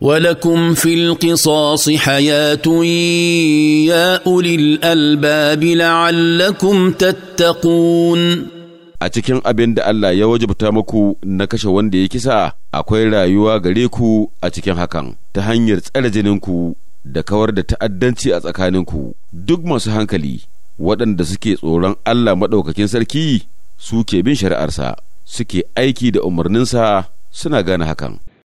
ولكم في القصاص حياة يا أولي الألباب لعلكم تتقون a cikin abin da Allah ya wajabta muku na kashe wanda ya kisa akwai rayuwa gare ku a cikin hakan ta hanyar tsare jininku da kawar da ta'addanci a tsakaninku duk masu hankali waɗanda suke tsoron Allah maɗaukakin sarki suke bin shari'arsa suke aiki da umarninsa suna gane hakan